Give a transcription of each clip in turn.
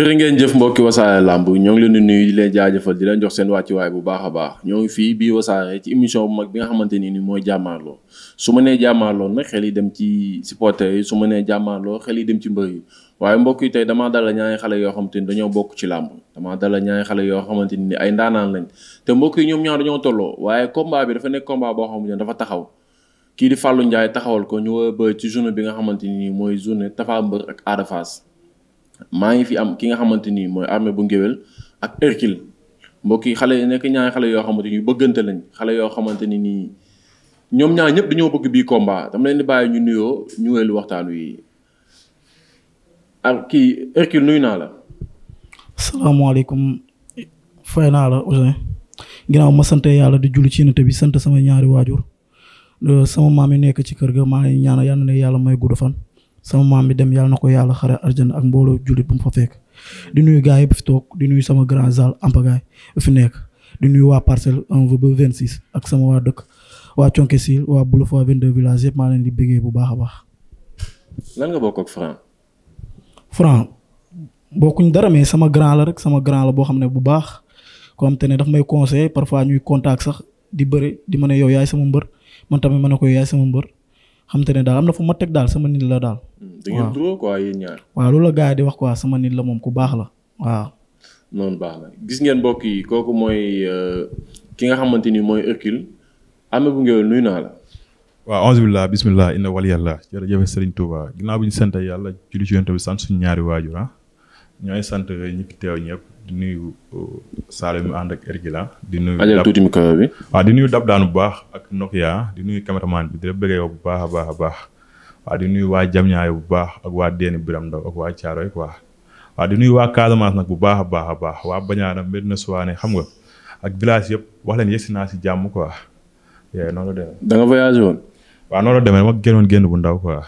jërë ngeen jëf mbokki wasaare làmb ñoo ngi leen di nuyu leen jaajëfal di leen jox seen wàccuwaay bu baax a baax ñoo ngi fii bii wasaare ci émission bu mag bi nga xamante ni ni mooy jàmmaarloo su ma nee jàmmaarloo nag yi dem ci supporters yi su ma nee xel yi dem ci mbër yi waaye mbokk yi tey damaa dala ñaari xale yoo xamante ni dañoo bokk ci làmb damaa dala ñaari xale yoo xamante ni ay ndaanaan lañ te mbokk yi ñoom ñaar dañoo tolloo waaye combat bi dafa nekk combat boo xamante ne dafa taxaw kii di Fallou Ndiaye taxawal ko ñu war ci journée bi nga xamante ni mooy journée Tapha Mbeur ak Ada Fass maa ngi fi am ki nga xamante ni mooy armée bu ngéwél ak Hercule mbokk yi xale nekk ñaari xale yoo xamante ni bëggante lañ xale yoo xamante ni nii ñoom ñaar ñëpp dañoo bëgg bii combat dama leen di bàyyi ñu nuyoo ñu wéelu waxtaan wi ak kii Hercule nuyu naa la. salaamaaleykum fay naa la ginnaaw ma sant yàlla di julli ci nate bi sant sama ñaari waajur euh, sama maam yi nekk ci kër ga maa ngi ñaanal yàlla na yàlla may gudd fan. sama maam bi dem yàlla na ko yàlla xare arjana ak mbooloo jullit bu mu fa fekk di nuyu gars yi bu fi toog di nuyu sama grand zal ampagaay bu fi nekk di nuyu waa parcelle un ba vingt six ak sama waa dëkk waa conke sil waa Boulefoy vingt deux village yëpp maa leen di béggee bu baax a baax lan nga bokk ak Franc Franc bokkuñ dara mee sama grand la rek sama grand la boo xam ne bu baax ko xam te ne daf may conseil parfois ñuy contact sax di bëri di ma ne yow yaay sama mbër man tamit ma ne ko yaay sama mbër xam ne daal am na fu ma teg daal sama nit la daal. da ngeen duroo quoi yéen ñaar. waaw loolu la gars yi di wax quoi sama nit la moom ku baax la waaw. noonu baax na gis ngeen mbokk yi kooku mooy euh, ki nga xamante ni mooy Hercule Ameth Bou Ngueweul nuyu naa la. waaw onze billah bismillah inna wali yàlla jërëjëf Serigne Touba ginnaaw bi ñu sant yàlla julli ci yonent bi sant suñu ñaari waajur ah ñooy sant ñi fi teew ñëpp di nuyu euh, Saloum mu ànd ak Ergila. di nuyu Dab tuuti micro bi. nuyu Dab daan bu baax ak Nokia di nuyu cameraman bi di la bëggee yow bu baax a baax a baax. waaw di nuyu waa Jamñaayo bu baax ak waa Déni Biram Ndaw ak waa Caaroy quoi. waa di nuyu waa Casamance nag bu baax a baax a baax waa Bañaana Medina Suwaane xam nga ak village yëpp wax leen yegsi naa si jàmm quoi. noonu la demee. da nga voyagé noonu la demee dama génnoon génn bu ndaw quoi.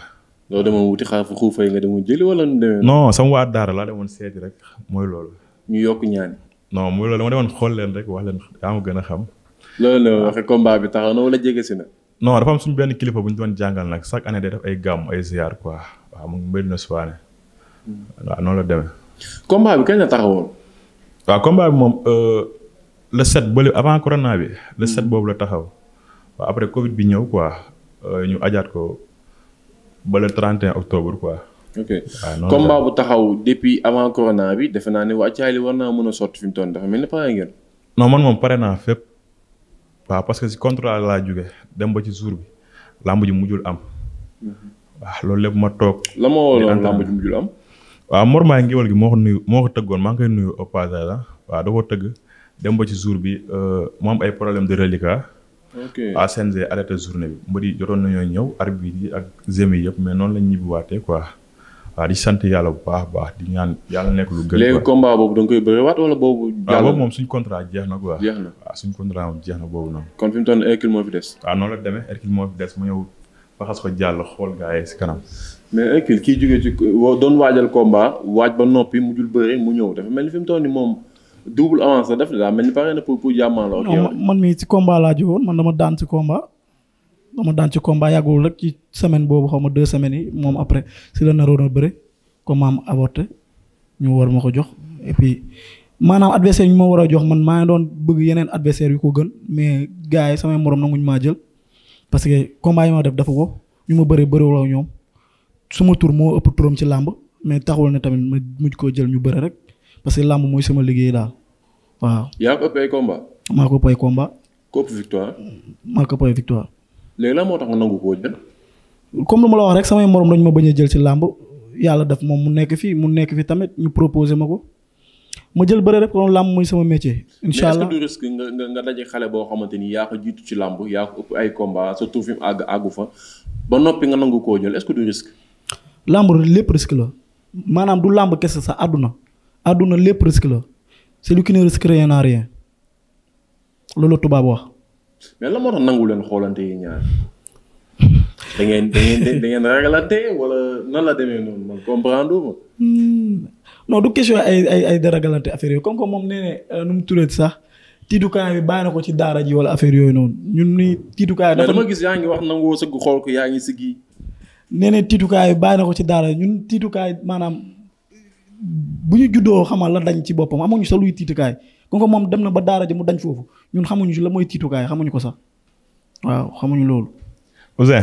loolu demoon wuti xaafu xuufa yi nga demoon jëli wala nu demee. non sama waa Daara laa demoon rek mooy loolu. ñu yokk ñaan. non muy loolu dama demoon xool leen rek wax leen yaa ma gën a xam. loolu la waxe combat bi taxaw na la jege si na. non am suñu benn kilifa bu ñu doon jàngal nag chaque année day def ay gàmm ay ziar quoi waaw mu ngi mbir na suwaane. Hmm. waaw noonu la demee. combat bi kañ la taxawoon. waaw combat bi moom euh, le set bële avant corona bi. le set hmm. boobu la taxaw. waaw après Covid bi ñëw quoi euh, ñu ajaat ko ba le octobre quoi. ok ah, combat bu taxaw depuis avant corona bi defe naa ne wàccaay li war naa mën a sotti fi mu toll dafa mel ni pare ngeen. non man moom pare naa fépp. waaw parce que si laa jóge dem ba ci jour bi làmb ji mujjul am. Mm-hmm. waaw loolu lépp ma toog. la ma waroon làmb ji mujjul am. waaw Mor Mbaye gi moo ko nuyu moo ko tëggoon maa ngi koy nuyu au passage la ah. waaw da tëgg dem ba ci jour bi euh, mu am ay problème de reliquat. Ah. ok waa CNG arrêté journée bi mbir yi jotoon nañoo ñëw arbitre ak yëpp mais noonu la ñu waaw di sant yàlla bu baax baax di ñaan yàlla nekk lu gën. léegi combat boobu da nga koy bëriwaat wala boobu. Ah, jàll boobu moom suñ contrat jeex na quoi. jeex na waaw ah, suñ contrat moom jeex na kon fi mu toll nii Hercule moo fi des. waaw ah, noonu la demee Hercule moo fi des mu ñëw faxas ko jàll xool gaa yi si kanam. mais Hercule kii jógee ci doon waajal combat waaj ba noppi mu mujjul bëri mu ñëw dafa mel ni fi mu toll nii moom double avance la def daa mel ni pare na pour pour jàmmaarloo. man mii ci combat laa daan ci dama daan ci combat yàggul rek ci semaine boobu xaw ma deux semaines yi moom après si la naroon a bëre combat am avorté ñu war ma ko jox et maanaam adversaire ñu war a jox man maa doon bëgg yeneen adversaire yu ko gën mais gars yi samay morom nanguñ maa jël parce que combat yi ma def ko ñu ma bëri bëriwuloo ñoom suma tur moo ëpp turam ci làmb mais taxul ne tamit ma mujj koo jël ñu bëri rek parce que làmb mooy sama liggéey daal waaw. yaa ko ëpp maa ko ëpp victoire. léegi lan moo tax nga nangu ko jël. comme lu ma la wax rek samay morom dañu ma bañ a jël ci làmb yàlla def moom mu nekk fii mu nekk fii tamit ñu proposé ma ko ma jël bëre rek kon làmb muy sama métier. incha allah mais est nga nga daje xale boo xamante ni yaa ko jiitu ci làmb yaa ko ëpp ay combat surtout fi mu àgg àggu fa ba noppi nga nangu ko jël est ce que du risque. làmb lépp risque la maanaam du làmb kese sa àdduna àdduna lépp risque la celui qui ne risque rien n'a loolu la mais la moo tax nangu leen xoolante yi ñaar da ngeen da ngeen da ragalante wala nan la demee noonu man comprendre ma. Hmm. non du question ay ay ay da ragalante affaire yooyu comme que moom nee ne euh, nu mu sax tiitukaay bi bàyyi na ko ci daara ji wala affaire yooyu noonu ñun ni tiitukaay. dafa dama gis yaa ngi wax nangoo sëgg xool ko yaa ngi siggi. nee ne tiitukaay bi bàyyi na ko ci daara ñun tiitukaay maanaam bu ñu juddoo xamal la dañ ci boppam amuñu sax luy tiitukaay. ku nga moom dem na ba daara ji mu dañ foofu ñun xamuñu la mooy tiitukaay xamuñu ko sax waaw xamuñu loolu. Ouzin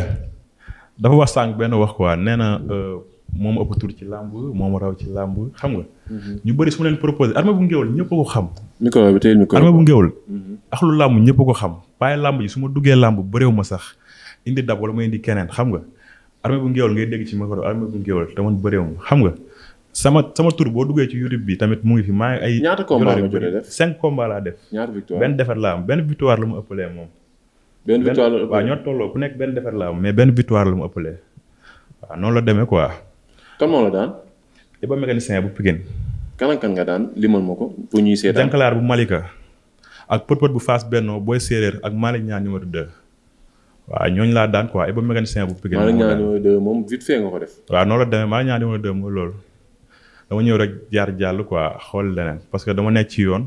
dafa wax sànq benn wax quoi nee na euh, moom ëpp tur ci làmb moom raw ci làmb xam nga. Mhm. ñu bari su ma leen proposé armée bu ngéwël ñëpp xam. micro bi bu ngéwël. Mhm. ak lu làmb ñëpp ko xam waaye làmb ji su ma duggee làmb bëreew ma sax indi dab wala ma indi keneen xam nga armée bu ngéwël ngay dégg ci micro armée bu ngéwël dama bëreew ma xam nga. sama sama tur boo duggee ci YouTube bi tamit mu ngi fi maa ngi ay. ñaata combat nga jotee def cinq combat laa def. ñaata victoire benn defet laa am benn victoire la mu ëppalee moom. benn victoire ñoo tolloo ku nekk benn defet laa mais benn victoire la mu ëppalee waaw la demee quoi. kan moo la daan. di ba mécanicien bu Pikine. kan ak nga daan limal ma ko pour ñuy seetaan. jànkalaar bu Malika ak pët pët bu Fass Benno booy séeréer ak Malick Niang numéro 2. waaw ñooñu laa daan quoi Iba mécanicien bu Pikine. Malick Niang numéro 2 moom vite fait nga noonu la demee Malick Niang numéro 2 mooy loolu dama ñëw rek jaar jàll quoi xool leneen parce que dama nekk ci yoon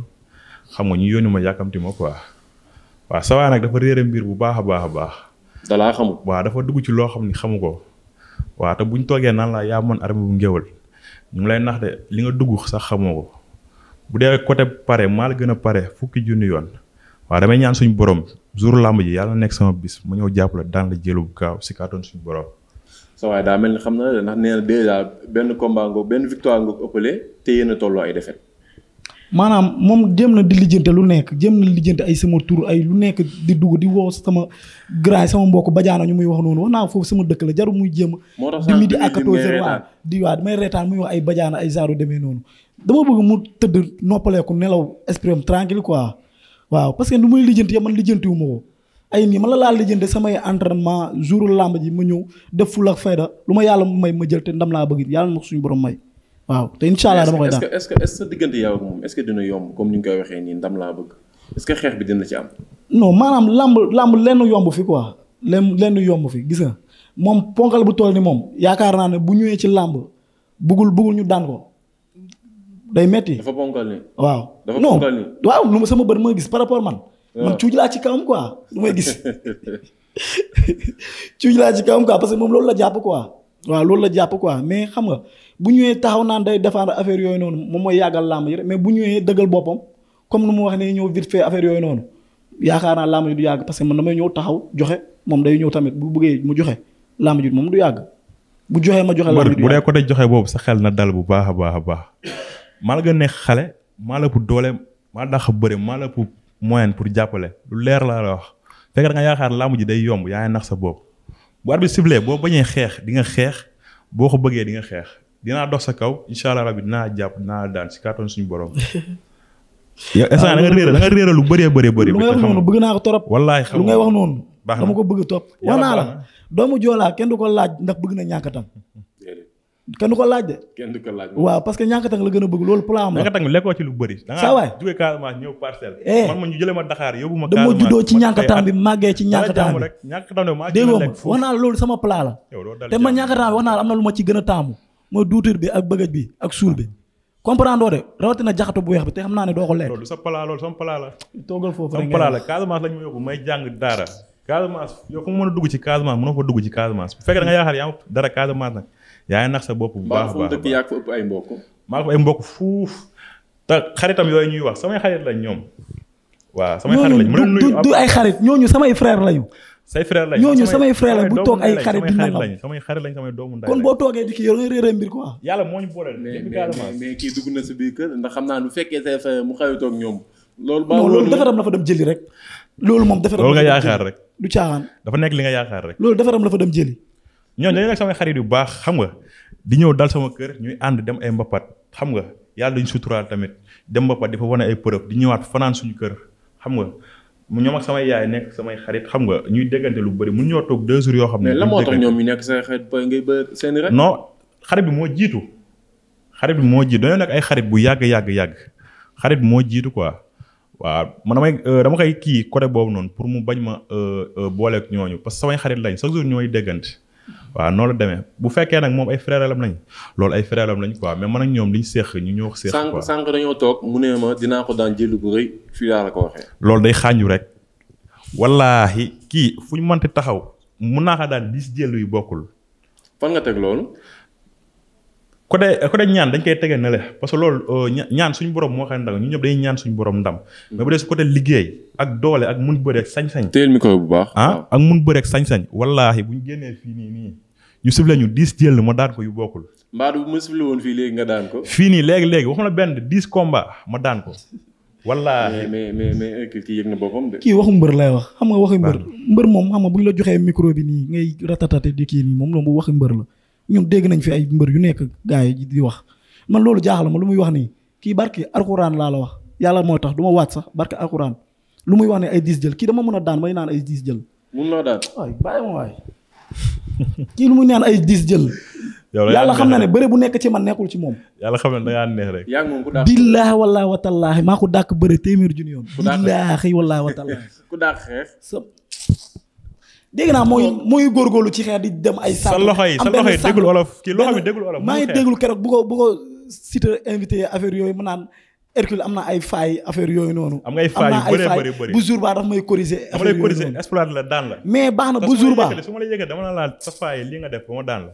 xam nga ñu yónni ma yàkkamti ma quoi waaw sa waay nag dafa réere mbir bu baax a baax a baax. da laa xamul waaw dafa dugg ci loo xam ni xamu ko waaw te ñu toogee naan laa yaa mën armée bu ngéwal ñu ngi lay nax de li nga dugg sax xamoo ko bu dee côté pare maa la gën a pare fukki junni yoon waa damay ñaan suñu borom jour làmb ji yàlla nekk sama bis mu ñëw jàppale daan la jëlu bu gaaw si kàttan suñu borom. sa waaye daa mel ni xam na la ndax nee na dèjà benn combat nga benn victoire nga ko ëppale te yéen a tolloo ay defet maanaam moom jëm na di lijjante lu nekk jëm na lijjante ay sama tur ay lu nekk di dugg di woo sama grand mbokk bajaana ñu muy wax noonu wax naa foofu sama dëkk la jaru muy jéem di mi di àkkatoo seen waaw di waa damay reetaan muy wax ay bajaana ay genre demee noonu dama bëgg mu tëdd noppaleeku nelaw esprit am tranquille quoi waaw parce que lu muy lijjanti man lijjantiwu ma ay nii man la laa lijjanti samay entraînement jour làmb ji ma ñëw def ful ak fayda lu ma yàlla may ma jël te ndam laa bëgg yàlla na ma suñu borom may waaw te incha allah dama koy daan est-ce que est-ce que diggante yow ak moom est-ce que dina yomb comme ni nga koy yomb fi quoi lenn lenn yomb fi gis nga moom ponkal bu toll ni moom yaakaar naa ne bu ñëwee ci làmb bugul bugul ñu daan ko. day metti dafa ponkal ni waaw. lu ma sama bët ma gis par rapport man. man cuuj laa ci kawam quoi lu may gis cuuj laa ci kawam quoi parce que moom loolu la jàpp quoi. waa loolu la jàpp quoi mais xam nga bu ñëwee taxaw naan day défendre affaire yooyu noonu moom mooy yàggal làmb ji mais bu ñëwee dëggal boppam comme nu mu wax ne ñëw vite fait affaire yooyu noonu yaakaar naa làmb ji yàgg parce que man damay ñëw taxaw joxe moom day ñëw tamit bu bëggee mu joxe làmb ji moom du yàgg. bu joxee ma joxe làmb ji du bu dee ko day joxe boobu sa xel na dal bu baax a baax a baax maa la gën a nekk xale maa la ëpp doole maa dàq bëri maa la ëpp moyen pour jàppale lu leer laa la wax fekk da nga yaakaar làmb ji day yomb yaa ngi nax sa bopp bu arbitre sifflé boo bañee xeex di nga xeex boo ko bëggee di nga xeex dinaa dox sa kaw incha allah rabbi dinaa jàpp dinaa daan si kàttan suñu borom. yow instant da nga réer da nga réer lu baree bëree bëri. lu ngay wax noonu bëgg naa ko torop. wallaay xam lu ngay wax noonu. baax na dama ko bëgg a topp. wax naa la doomu joolaa kenn du ko laaj ndax bëgg na ñàkkatam kenn du ko laaj de. kenn du ko laaj waaw parce que ñàkk tàng la gën a bëgg loolu plan am la. ñàkk tàng lekkoo ci Casamance ñëw parcelle. Eh. a lekk foofu wax naa la loolu sama plan la. te man ñàkk ma ci a taamu. mooy duutir bi ak ak suul bi. comprendre de rawatina jaxatu bu weex naa ne doo ko lekk. loolu sa plan loolu la. toogal foofu rek sama plan la Casamance lañ ma yóbbu may jàng a dugg ci Casamance bu fekkee da yaakaar yaa dara Casamance nag yaa nax sa bopp bu baax a baax mbokk maa ko ay mbokk fuuf te xaritam yooyu ñuy wax samay xarit lañ ñoom waaw samay xarit lañ mën nuyu du ay xarit ñooñu samay frère lañu say frère lañ ñooñu samay frère lañ bu toog ay xarit du nangam samay xarit lañ samay doomu ndaay kon boo toogee di kii yow nga réeré mbir quoi yàlla moo ñu booleel mais kii dugg na si biir kër ndax xam naa nu fekkee mu xawi toog ñoom loolu la fa dem jëli rek loolu moom defaram loolu nga yaakaar rek du caaxaan dafa nekk li nga yaakaar rek loolu defaram la fa dem jëli ñooñu dañu nekk samay xarit yu baax xam nga di ñëw dal sama kër ñuy ànd dem ay mbapat xam nga yàlla dañu suturaal tamit dem mbapat dafa wane ay preuve di ñëwaat fanaan suñu kër xam nga mu ñoom ak samay yaay nekk samay xarit xam nga ñuy déggante lu bëri mun ñoo deux jours yoo xam ne. mais moo tax ñoom ñu nekk say xarit ba ngay seen rek. non bi moo jiitu xarit bi moo jiitu dañoo nekk ay xarit bu yàgg yàgg yàgg xarit moo jiitu quoi waaw man damay euh, dama koy kii côté boobu noonu pour mu bañ ma euh, euh, booleeg ñooñu parce que samay xarit lañ chaque jour ñooy déggante waaw noonu la demee bu fekkee nag moom ay frère lam lañ loolu ay frère lam lañ quoi mais man ak ñoom li ñu séq ñu ñoo séq quoi sànq sànq dañoo toog mu ne ma dinaa ko daan jëlu bu rëy fii laa la ko loolu day xaañu rek wallaahi kii fu mënti taxaw mun naa ko daan dix jëlu yu bokkul fan nga teg loolu côté côté ñaan dañ koy tege ne parce que loolu euh, ñaan borom moo xam ndam ñu ñëpp dañuy ñaan suñu borom ndam. Hmm. mais bu dee liggéey ak doole ak mun bëreeg sañ-sañ. téyel micro bu baax. ah ak mun bëreeg sañ-sañ. wallaahi bu ñu génnee fii nii nii ñu sifle ñu dix jël ma daan ko yu bokkul. mbaa du ma sifle woon fii léegi nga daan ko. fii nii léegi léegi waxuma la benn dix komba ma daan ko. wala mais mais mais eh, kii yëg na boppam de. waxu mbër lay wax xam nga waxu mbër. mbër moom xam nga bu ñu la joxee micro bi nii ngay ratatate di kii nii moom loolu waxu mbër la ñun dégg nañ fi ay mbër yu nekk gars yi di wax man loolu jaaxal ma lu muy wax nii kii barki alxuraan laa la wax yàlla moo tax duma ma waat sax barki alxuraan lu muy wax ne ay 10 jël kii dama mën a daan may naan ay 10 jël. mun naa daan waay bàyyi kii lu muy naan ay diis jël. yàlla xam na ne bëre bu nekk ci man nekkul ci moom. yàlla xam ne da ngaa neex rek. yaa ngi moom ku dàq billaahi wallaahi wa tallaahi maa ko dàq bëre téeméer junni yoon. ku dàq billaahi wallaahi wa tallaahi. ku dàq xeex. sa dégg naa mooy mooy góorgóorlu ci xeex di dem ay. sa loxo yi sa loxo yi déggul olof kii loxo bi déggul olof. maa ngi déggul keroog bu ko bu ko site invité affaire yooyu mu naan Hercule am na ay failles affaire yooyu noonu. am ngay failles bu jour ba daf may corriger. affaire yooyu noonu corriger exploit la daan la. mais baax na bu jour ba su ma la yëgalee dama la laal sa faille li nga def ba ma daan la.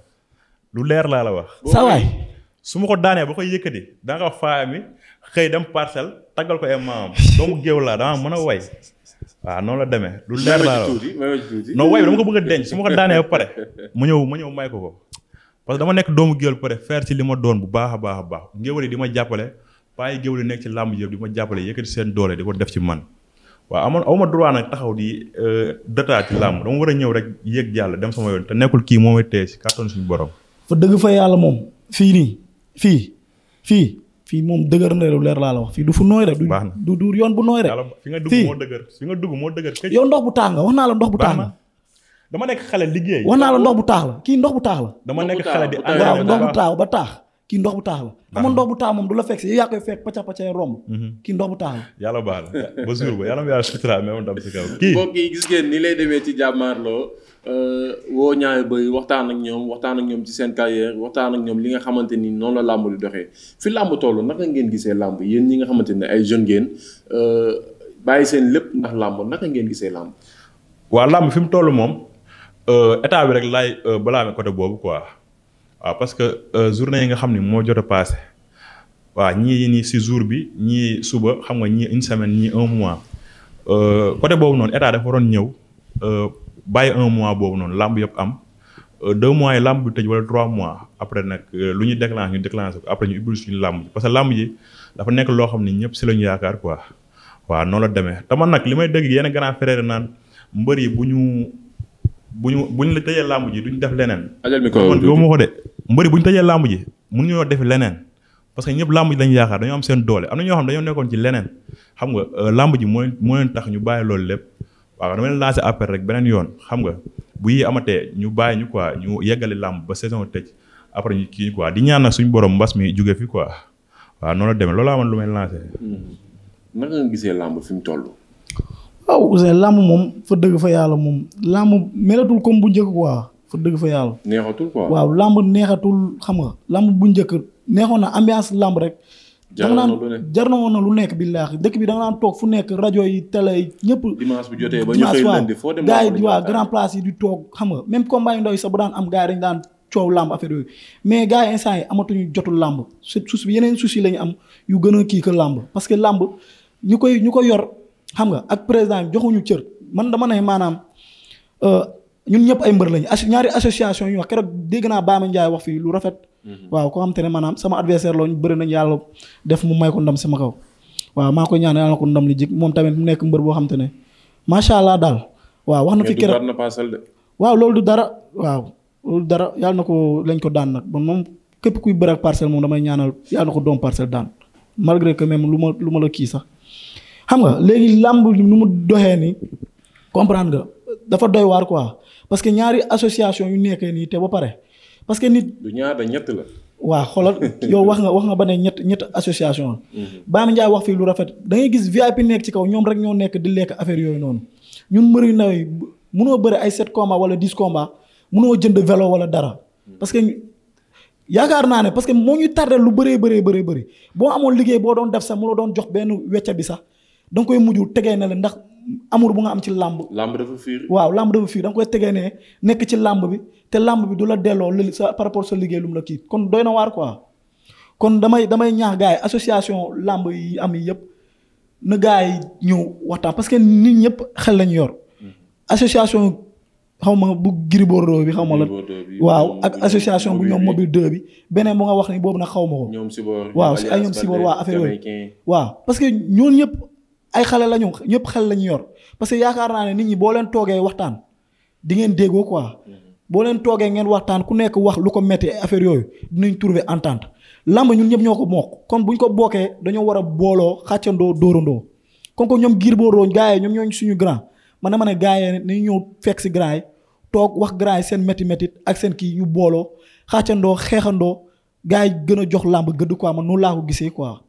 lu leer laa la wax. sa waay su ma ko daanee ba koy yëkkati da nga faay mi xëy dem parcelle taggal ko ay maam doomu géew laa dama mën a way. waaw noonu la demee lu leer laa la wax non way dama ko bëgg su ma ko daanee ba pare mu ñëw ma ñëw may ko ko parce que dama nekk doomu géwél pare faire ci li ma doon bu baax a baax a baax ngéwél yi di ma jàppale waaye géwél yi nekk ci làmb yëpp di ma jàppale yëkkati seen doole di ko def ci man waaw amoon aw ma droit nag taxaw di euh, data ci làmb dama war a ñëw rek yéeg jàll dem sama yoon te nekkul kii moo moomay tee si carton suñu borom. fa dëgg fa yàlla moom fii nii fii fii fii moom dëgër na lu leer laa la wax fii du fu nooy rek. du du yoon bu nooy rek. fi nga dugg moo dëgër nga dugg moo dëgër. yow ndox bu taax nga wax naa la ndox bu taax nga. dama nekk xale liggéey. wax naa la ndox bu taax kii ndox bu taax dama nekk xale di. waaw ndox ba taax kii ndox bu taax la. Ah. amoon ndox bu taax moom du la fekk si yaa koy fekk pàcc pàcc romb. Mhm. kii ndox bu taax la. yàlla baax na ba jour ba yàlla na yàlla sutura mais ndam si kaw kii. gis ngeen ni lay demee ci jàmmaarloo euh, woo ñaari bëy waxtaan ak ñoom waxtaan ak ñoom ci seen carrière waxtaan ak ñoom li nga xamante ni noonu la làmb di doxee fi làmb toll naka ngeen gisee làmb yéen ñi nga xamante ne ay jeune ngeen euh, bàyyi seen lépp ndax làmb naka ngeen gisee làmb. waa làmb fi mu toll moom euh, état bi rek laay balaame côté boobu quoi. waaw parce que euh, journée yi nga xam ne moo jot a passé waaw ñii nii si jour bi ñii suba xam nga ñii une semaine ñii un mois euh, côté boobu noonu état dafa waroon ñëw euh, bàyyi un mois boobu noonu làmb yëpp am de mois yi làmb bi tëj wala trois mois après nag lu ñu déclenché ñu déclenché ko après ñu ubbi suñu làmb parce que làmb ji dafa nekk loo xam ne ñëpp si la ñu yaakaar quoi waaw noonu la demee te nag li may dégg yenn grand frère naan mbër yi bu ñu bu ñu bu ñu la tëjee làmb ji duñ def leneen. ajal mi ko man gëmuma ko de. mbëri bu ñu tëjee làmb ji mënuñoo def leneen parce que ñëpp làmb ji lañu yaakaar dañoo am seen doole am na ñoo xam dañoo nekkoon ci leneen xam nga euh, làmb ji moo moo leen tax ñu bàyyi loolu lépp waaw dama leen lancé appel rek beneen yoon xam nga bu yi amatee ñu bàyyi ñu quoi ñu yeggale làmb ba saison tëj après ñu kii quoi di ñaan nag suñu borom mbas mi jóge fi quoi waaw noonu la demee loolu amoon lu may lancé. Hmm. naka nga gisee làmb fi mu toll. waaw Ousseyn làmb moom fa dëgg fa yàlla moom làmb melatul comme bu njëkk quoi fa waaw làmb neexatul xam nga làmb bu njëkk neexoon na ambiance làmb rek. jar na lu nekk jar na woon na lu nekk billaahi dëkk bi da nga naan toog fu nekk rajo yi télé yi ñëpp. dimanche bu jotee ba ñu xëy lundi foo dem gars yi grand place yi di toog xam nga même combat yu ndaw yi sax bu daan am gars yi dañu daan coow làmb affaire yooyu mais gars yi instant yi amatuñu jotul làmb su suus bi yeneen suus yi la ñu am yu gën a kii que làmb parce que làmb ñu koy ñu ko yor xam nga ak président joxuñu cër man dama ne maanaam euh, ñun ñëpp ay mbër lañu as ñaari association yu ñu wax keroog dégg naa Baama Ndiaye wax fii lu rafet. Mm-hmm. waaw koo xam te maanaam sama adversaire la bëri nañu yàlla def mu may ko ndam sama kaw. waaw maa ñaan yàlla na ndam li jik moom tamit mu nekk mbër boo xam ne macha allah daal. waaw wax na fi keroog waaw loolu du dara waaw loolu dara yàlla na ko lañ ko daan nag man moom képp kuy bëre ak parcelle moom damay ñaanal yàlla na ko doom parcelle daan malgré que même lu ma lu ma la kii sax xam nga léegi làmb nu mu doxee ni comprendre nga dafa doy waar quoi parce que ñaari association yu nekkee nii te ba pare parce que nit. du ñaar da ñett la. xoolal yow wax nga wax nga ba ne ñett ñett association la. Mhm. Baam Ndiaye wax fii lu rafet da ngay gis VIP nekk ci kaw ñoom rek ñoo nekk di lekk affaire yooyu noonu ñun mbër yu ndaw yi mënoo bëri ay sept combat wala dix combat mënoo jënd vélo wala dara. parce que yaakaar naa ne parce que moo ñu tardé lu bëree bëree bëri bëri boo amoon liggéey boo doon def sax mu la doon jox benn wecca bi sax da nga koy mujj tegee ne la ndax amour bu nga am ci làmb làmb dafa fiir waaw làmb dafa fiir da nga koy tegee ne nekk ci làmb bi te làmb bi du la delloo li sa par rapport sa liggéey lu la kii kon doy na waar quoi kon damay damay ñaax gars association làmb yi am yëpp na yi ñëw waxtaan parce que nit ñëpp xel lañ yor hmm. association xaw ma bu Gris Bordeaux bi xaw ma la waaw ak association bu ñoom mobile 2 bi beneen bu nga wax boobu nag xaw ma ko waaw si ay ñoom Sibor waa affaire yooyu parce que ñoon ñëpp ay xale la ñu ñëpp xel la ñu yor parce que yaakaar naa ne nit ñi boo leen toogee waxtaan di ngeen déggoo quoi boo leen toogee ngeen waxtaan ku nekk wax lu ko métti affaire yooyu dinañ trouver entente lamb ñun ñëpp ñoo ko mook kon ñu ko bokkee dañoo war a booloo xàccandoo dóorandoo kon ko ñoom giir Bordeaux gars yi ñoom ñooñ suñu grand man dama ne gars yi nañu ñëw fekk si grand yi toog wax grand yi seen métti métti ak seen kii ñu booloo xàccandoo xeexandoo gars yi gën a jox lamb gëdd quoi man noonu laa ko gisee quoi.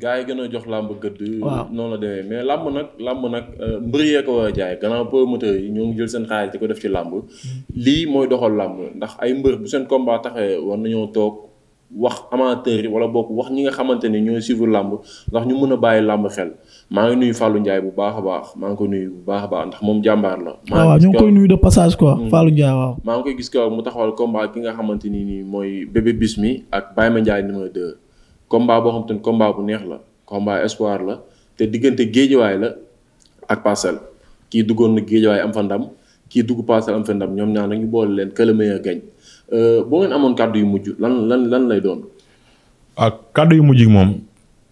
gaa yi gën a jox làmb gëdd. waaw noonu la demee mais làmb nag làmb nag euh, mbër yee ko war a jaay gannaaw promoteurs yi ñoo ngi jël seen xaalis di ko def ci làmb. Mm. lii mooy doxol làmb ndax ay mbër bu seen combat taxee war nañoo toog wax amateurs yi wala bokk wax ñi nga xamante ni ñooy suivre làmb ndax ñu mën a bàyyi làmb xel maa ngi nuyu Fallou njaay bu baax a baax maa ngi ko nuyu bu baax a baax ndax moom jàmbaar la. waaw ñu ngi koy nuyu de passage quoi mm. Fallou Ndiaye waaw. maa ngi koy gis mu taxawal combat ki nga xamante ni nii mooy bébé bis mi ak Baye Mandiaye numéro 2 combat boo xam te komba bu neex la combat espoir la te diggante géejawaay la ak parcelle kii duggoon na géejawaay am fa ndam kii dugg parcelle am fa ndam ñoom ñaar nañu boole leen que le meilleur euh, boo ngeen amoon kàddu yu mujj lan lan lan lay doon. ak ah, kàddu yu mujj gi moom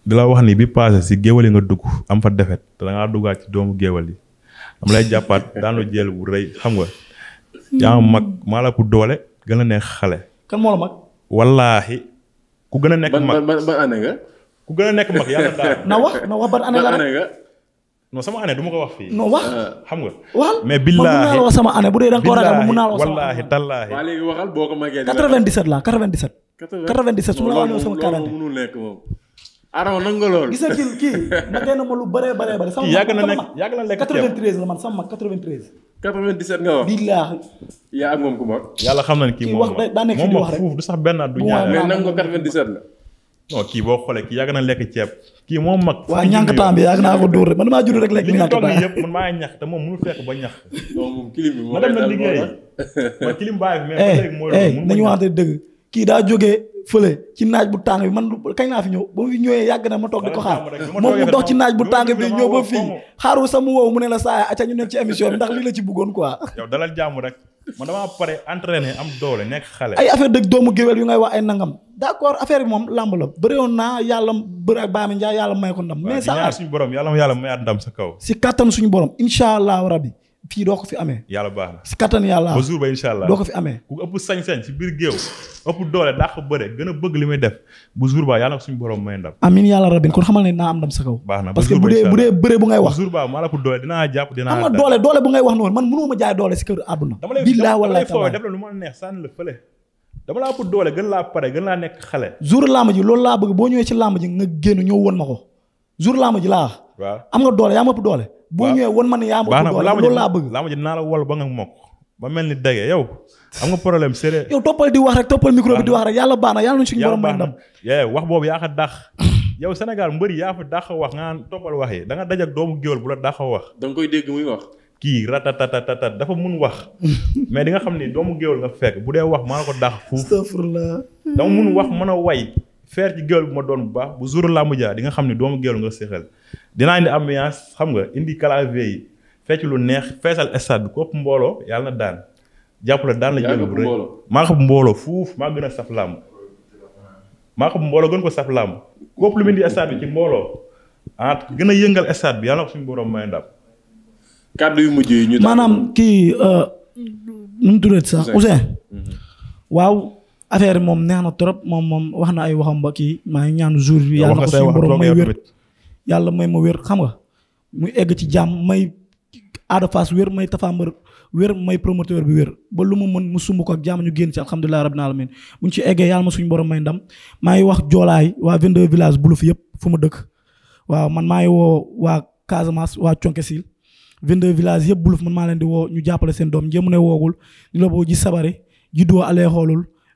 di la wax ni bi passé si géwal yi nga dugg am fa defet te da duggaat ci doomu géwal yi am lay jàppaat daan lu jël bu rëy xam nga. yaa mag maa la ko doole gën a neex xale. kan moo la ku gën a nekk mag ban ban année nga. ku gën a nekk mag yàlla daal. na wax na wax ban année la rek non sama année du ma ko wax fii. non wax ah. xam nga. waaw mais billaahi mun naa la wax sama année bu dee da nga ko ragal mun naa la wax sama année. wallaahi tallaahi. waa léegi nga loolu. gisal kii kii na ma lu bëree bëree bëri. sama mag yàgg na nekk yàgg na lekk ceeb 93 la man sama mag 97 nga wax. billaahi. yaa xam na kii moom wax daa nekk fi di wax du sax benn at du ñaar. mais kii boo xoolee kii na lekk ceeb. kii moom mag. waaw ñànk temps bi yàgg naa ko dóor rek man maa judd rek lekk ñànk temps li ñu toog yëpp man maa ñax te moom mënul fekk ba ñax. non moom kilim bi moo ma dem na liggéey. man kilim eh, eh, nañu waxante dëgg kii daa jóge fële ci naaj bu tàng bi man kañ laa fi ñëw ba mu ñëwee yàgg na ma toog di ko xaar moom mu dox ci naaj bu tàng bi ñëw ba fii xaaru sama woow mu ne la saaya aca ñu nekk ci émission bi ndax lii la ci bëggoon quoi yow dalal jàmm rek man ay affaire dëgg doomu géwél yu ngay wax ay nangam d'accord affaire bi moom làmb la bëriwoon naa yàlla bëri ak Baami Njaay yàlla may ko ndam mais sa suñu borom yàlla ma yàlla mayaat ndam sa kaw si kattan suñu borom incha allah fii doo ko fi amee. yàlla baax na si kattan yàlla. ba jour ba incha allah doo ko fi amee. ku ëpp sañ-sañ si biir géew ëpp doole dàq bëre gën a bëgg li muy def bu jour ba yàlla ko suñu borom may ndam. amiin yàlla rabin kon xamal ne naa am ndam sa kaw. baax na parce que bu dee bu dee jour ba la ko doole dinaa jàpp man mënoo la lu ma laa ëpp doole gën laa pare gën laa nekk xale. jour làmb ji loolu laa bëgg boo ñëwee ci làmb ji nga génn ñëw woon ma ko jour làmb ji laa. waaw am nga doole yaa ma ëpp doole boo ñëwee wan man yaa ma ko loolu laa bëgg laa ma ji naa la wal ba nga mokk ba mel ni dege yow am nga problème sérieux yow toppal di wax rek toppal micro yàlla baax na yàlla nañu suñu borom may eh, wax boobu yaa ko yow Sénégal mbëri yaa fa dàq wax nga naan toppal wax yi da nga dajak doomu géwél bu la dàq wax danga koy dégg muy wax kii ratatatatat dafa mun wax mais di nga xam ni doomu géwél nga fekk bu dee wax maa la ko dàq fuuf dama mun wax mën a way feer ci géwél bu ma doon bu baax bu jour làmb ja di nga xam ne doomu géwél nga séexal dinaa indi ambiance xam nga indi clavier yi fecc lu neex feesal stade ko ëpp mbooloo yàlla na daan jàppale daan la jël bu rëy maa ko mbooloo fuuf maa gën a saf làmb maa ko mbooloo gën ko saf làmb ko ëpp lu mu indi stade bi ci mbooloo ah gën a yëngal stade bi yàlla na ko suñu borom may ndam. kàddu yu mujj yi ñu. maanaam kii euh, nu mu tuddati sax Ousseyn mhm. waaw. affaire moom neex na trop moom moom wax na ay waxam ba kii maa ñaan jour bi yàlla ko suñu may yàlla may ma wér xam nga mu egg ci jàmm may Ada Fass wér may Tapha weer wér may promoteur bi wér ba lu mu mën mu sumb ko ak jàmm ñu génn ci alhamdulilah rabbil alamin buñ ci eggee yàlla ma suñu borom may ndam maa ngi wax joolaay waa 22 village buluf yëpp fu mu dëkk waaw man maa ngi woo waa Casamance waa Conke Sil 22 village yëpp buluf man maa leen di woo ñu jàppale seen doom njëmu ne woogul ñu la boo ji sabari ji doo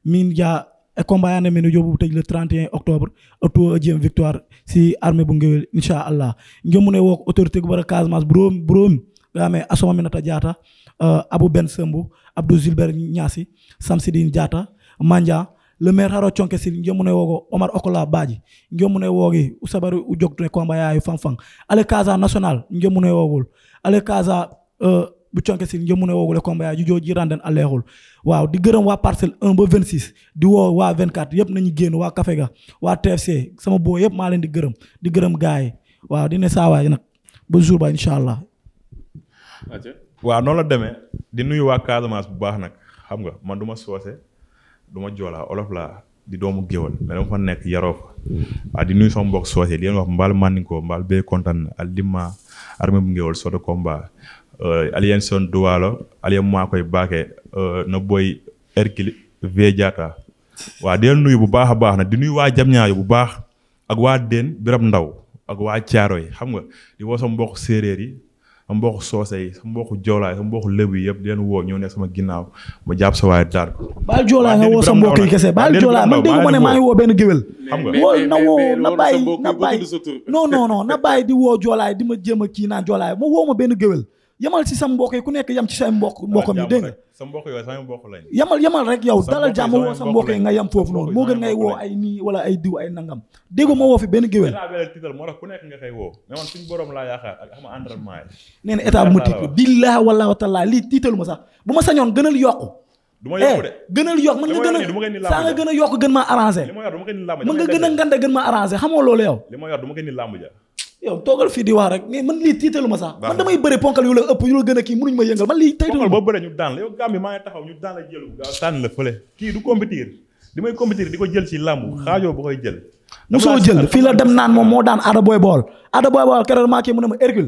min jaa e combat yande min jobu tej le 31 octobre auto deuxième victoire si armée bu ngewel inchallah njomune wok autorité bara Casamance burom burom game asoma minata jaata uh, abou ben sembo abdou gilbert nyasi samsidine jaata mandia le maire haro chonke sil njomune wogo omar okola baji njomune wogi usabari ujogtune combat yayu fanfan ale casa national njomune wogol ale casa euh, bu conke sin yëmuna woogule combat yaa jujoo ji randen aleexul waaw di gërëm waa parcelle 1 ba 26 di woo waa 24 yëpp nañu génn waa Café ga waa TFC sama boo yëpp maa leen di gërëm di gërëm gars yi waaw di ne saawaay nag ba jour ba incha allah waaw noonu la demee di nuyu waa Casamance bu baax nag xam nga man duma ma soose du ma joolaa olof laa di doomu géwal mais dama fa nekk yaroo fa waaw di nuyu sama mbokk soose di leen wax mbaal màndinkoo mbaal bee bu ngéwal soto combat Euh, aliyen son duwaalo aliyen maa koy baake euh, na booy Hercule V Diatta waa di nuy bu baax a baax na di nuyu waa Jamñaayo bu baax ak waa Dén Biram Ndaw ak waa Caaro yi xam nga di woo sa mbokk séeréer yi sama mbokk soose yi sama mbokk joolaay sama mbokk lébu yi yëpp di woo ñoo nekk sama ginnaaw ma jàpp sa waaye daal ko baal joolaa nga woo sa mbokk yi kese baal joolaa man dégg ma ne maa ngi woo benn géwél xam nga na woo na bàyyi na na bàyyi di woo joolaay ma jéem a kii naan benn géwél yamal si sa mbokk yi ku nekk yam ci say mbokk mbokkam yi dégg nga sa mbokk yooyu sama yow dalal jàmm woo sa mbokk yi nga yam foofu noonu moo gën ngay woo ay nii wala ay diw ay ma woo fi benn géwél tiital moo tax ku nekk nga koy woo mais man suñu borom laa yaakaar ak xam entraînement yi nee na tiital ma sax bu ma sañoon gënal yokku yokk eh, de gënal yokk nga gën a saa a yokk a ngande gën maa arrangé loolu yow ma yor ma koy ni làmb yow toogal fii di wax rek mais man lii tiitalu ma sax. man damay bëre ponkal yu la ëpp yu la gën a kii mënuñ ma yëngal man lii. taytalu ponkal boo bëree ñu daan la yow gàmm maa ngi taxaw ñu daan jëlu gaaw sànni la fële kii du compétir li may compétir di ko jël ci làmb xaajoo ba koy jël. musoo jël fii la dem naan moom moo daan Ada Boy Baol Ada Boy Baol keroog maa kii mu ne ma Hercule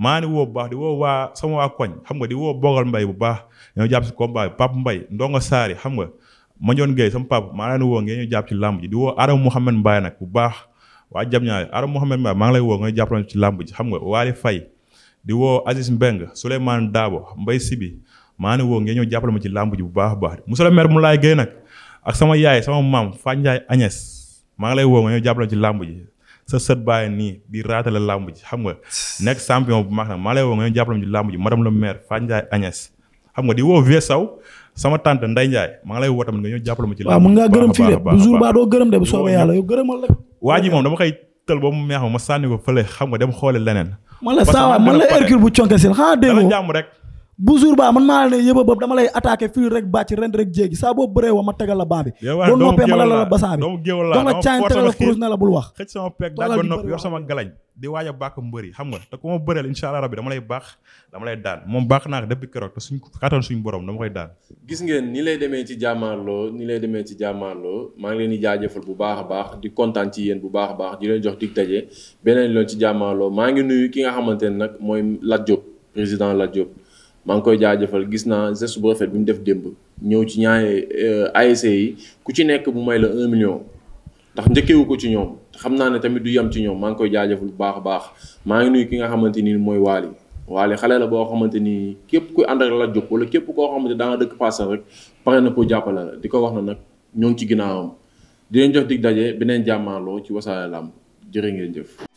maa ni woo bu baax di woo waa sama waa koñ xam nga di woo Bogal mbay bu baax ñoo jàpp si combat bi Pape Mbaye Ndongo Saari xam nga Mandione Gueye sama papa maa leen woo ngeen jàpp ci làmb ji di woo Adama Mouhamed Mbaye nag bu baax waa jam ñaare Adama Mouhamed Mbaye maa ngi lay woo ngeen jàppale ci làmb ji xam nga Waly Faye di woo Aziz Mbeng Souleymane Dabo Mbaye Sibi maa ngi woo ngeen ñëw jàppale ma ci làmb ji bu baax baax monsieur le maire Moulaye Gueye nag ak sama yaay sama maam Fane Ndiaye maa ngi lay woo nga ñëw jàppale ci làmb ji sa sët bàyyi nii di raatale làmb ji xam nga nekk champion bu mag nag maa lay woo nga ñu jàppale ci làmb ji madame le maire Fatou Ndiaye Agnès xam nga di woo Vieux Sow sama tante Ndeye Ndiaye maa ngi lay woo tamit nga ñëw jàppale ma ci làmb waaw mën ngaa baa doo gërëm de bu soobee yàlla yow gërëmal la waa ji moom dama koy tël ba mu meex ma ma sànni ko fële xam nga dem xoole leneen man la saa man la Hercule bu conke sil xanaa dégg bu jour baa man maa la ne yëba boobu dama lay attaqué fii rek bàcc ren rek jéegi saa boo bëree wa ma tegal la baa bi boo la la basaa bul wax xëj sama peeg daa ko noppi yor sama a baax mbëri xam nga te ku ma bëreel insha allah rabbi dama lay baax dama lay daan moom baax naa ko depuis keroog te suñ kattan borom dama koy daan gis ngeen ni lay demee ci jàmmaarloo lay demee ci jàmmaarloo maa ngi leen di jaajëfal bu baax a baax di kontaan ci yéen bu baax a baax di leen jox dig daje beneen loon ci jàmmaarloo maa ngi nuyu ki nga xamante ne nag mooy Lat Diop président Lat Diop maa ngi koy jaajëfal gis naa geste bu rafet bi def démb ñëw ci ñaari euh, ASC yi ku ci nekk bu may la un million ndax njëkkewu ko ci ñoom xam naa ne tamit du yem ci ñoom maa ngi koy jaajëfal bu baax a baax maa ngi nuyu ki nga xamante ni mooy Waly Waly xale la boo xamante ni képp kuy ànd ak la jóg wala képp koo xamante da nga dëkk passé rek pare na koo jàppale la di ko wax na nag ñoo ngi ci ginnaawam di leen jox dig daje beneen jàmmaarloo ci Wassare Lamb jër ngeen jëf